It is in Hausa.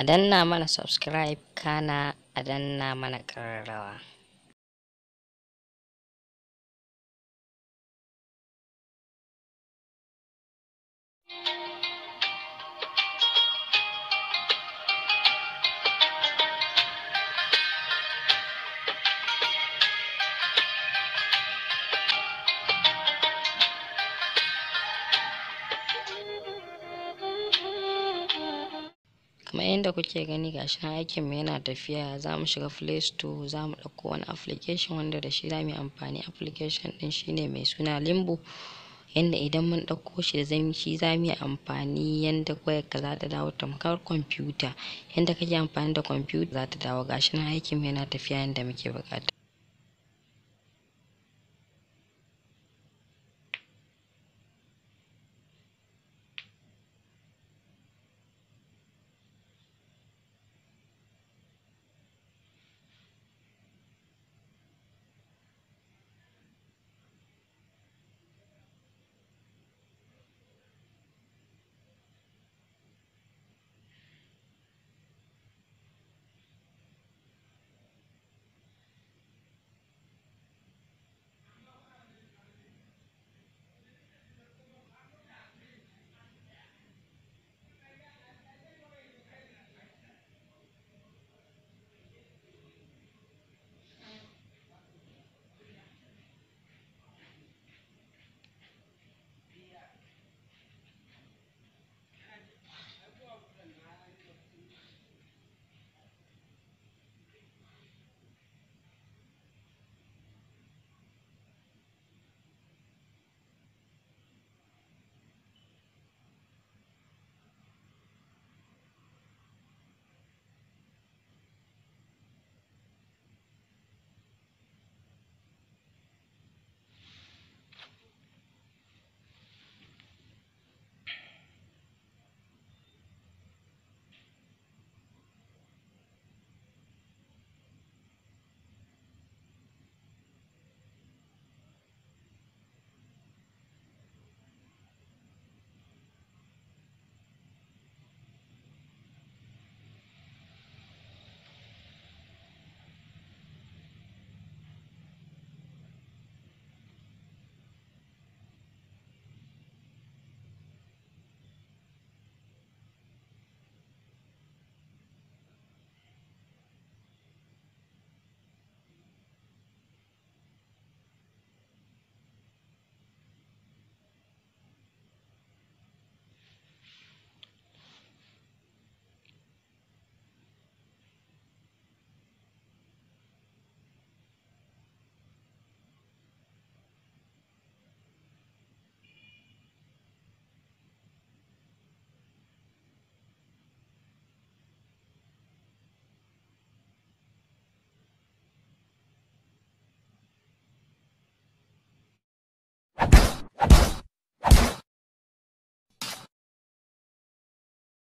a danna mana subscribe kana a danna mana ƙararrawa kamar yadda kuke gani gashi nan aikin mu yana tafiya za mu shiga play store za mu ɗauko wani application wanda da shi za mu yi amfani application ɗin shine mai suna limbo yanda idan mun ɗauko shi da zan shi za mu yi amfani yanda ka za ta dawo tamkar kwamfuta yanda kake amfani da kwamfuta za ta dawo gashi nan aikin mu yana tafiya yanda muke buƙata.